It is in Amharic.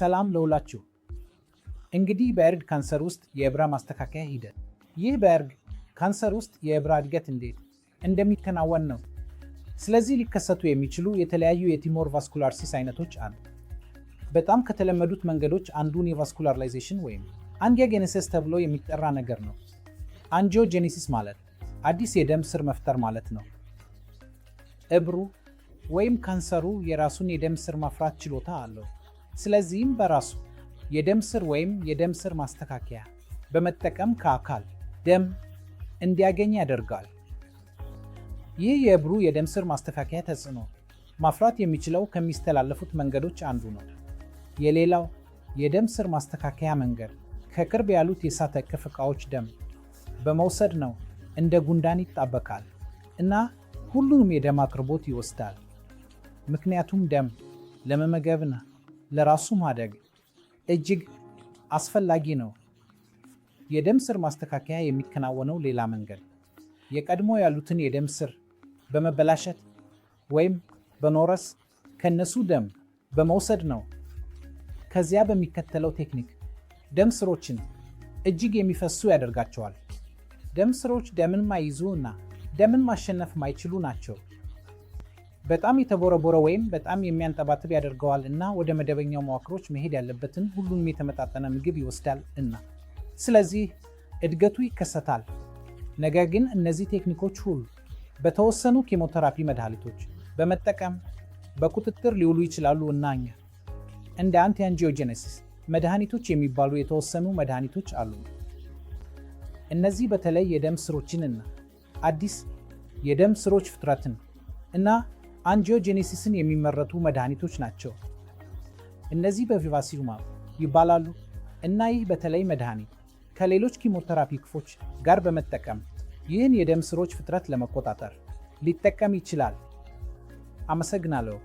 ሰላም ለውላችሁ። እንግዲህ በእርግ ካንሰር ውስጥ የእብራ ማስተካከያ ሂደት። ይህ በእርግ ካንሰር ውስጥ የእብራ እድገት እንዴት እንደሚከናወን ነው። ስለዚህ ሊከሰቱ የሚችሉ የተለያዩ የቲሞር ቫስኩላር ሲስ አይነቶች አሉ። በጣም ከተለመዱት መንገዶች አንዱን የቫስኩላርላይዜሽን ወይም አንጂዮጄኔሲስ ተብሎ የሚጠራ ነገር ነው። ጄኔሲስ ማለት አዲስ የደም ስር መፍጠር ማለት ነው። እብሩ ወይም ካንሰሩ የራሱን የደም ስር ማፍራት ችሎታ አለው። ስለዚህም በራሱ የደም ስር ወይም የደም ስር ማስተካከያ በመጠቀም ከአካል ደም እንዲያገኝ ያደርጋል። ይህ የእብሩ የደም ስር ማስተካከያ ተጽዕኖ ማፍራት የሚችለው ከሚስተላለፉት መንገዶች አንዱ ነው። የሌላው የደም ስር ማስተካከያ መንገድ ከቅርብ ያሉት የሳተ ቅፍ ዕቃዎች ደም በመውሰድ ነው። እንደ ጉንዳን ይጣበቃል እና ሁሉንም የደም አቅርቦት ይወስዳል። ምክንያቱም ደም ለመመገብና ለራሱ ማደግ እጅግ አስፈላጊ ነው። የደም ስር ማስተካከያ የሚከናወነው ሌላ መንገድ የቀድሞ ያሉትን የደም ስር በመበላሸት ወይም በኖረስ ከነሱ ደም በመውሰድ ነው። ከዚያ በሚከተለው ቴክኒክ ደም ስሮችን እጅግ የሚፈሱ ያደርጋቸዋል። ደም ስሮች ደምን ማይዙ እና ደምን ማሸነፍ ማይችሉ ናቸው። በጣም የተቦረቦረ ወይም በጣም የሚያንጠባጥብ ያደርገዋል እና ወደ መደበኛው መዋክሮች መሄድ ያለበትን ሁሉንም የተመጣጠነ ምግብ ይወስዳል እና ስለዚህ እድገቱ ይከሰታል። ነገር ግን እነዚህ ቴክኒኮች ሁሉ በተወሰኑ ኬሞቴራፒ መድኃኒቶች በመጠቀም በቁጥጥር ሊውሉ ይችላሉ እና እኛ እንደ አንቲ መድኃኒቶች የሚባሉ የተወሰኑ መድኃኒቶች አሉ። እነዚህ በተለይ የደም ስሮችንና አዲስ የደም ስሮች ፍጥረትን እና አንጂዮጄኔሲስን የሚመረቱ መድኃኒቶች ናቸው። እነዚህ በቪቫሲሩማብ ይባላሉ እና ይህ በተለይ መድኃኒት ከሌሎች ኪሞተራፒ ክፎች ጋር በመጠቀም ይህን የደም ስሮች ፍጥረት ለመቆጣጠር ሊጠቀም ይችላል። አመሰግናለሁ።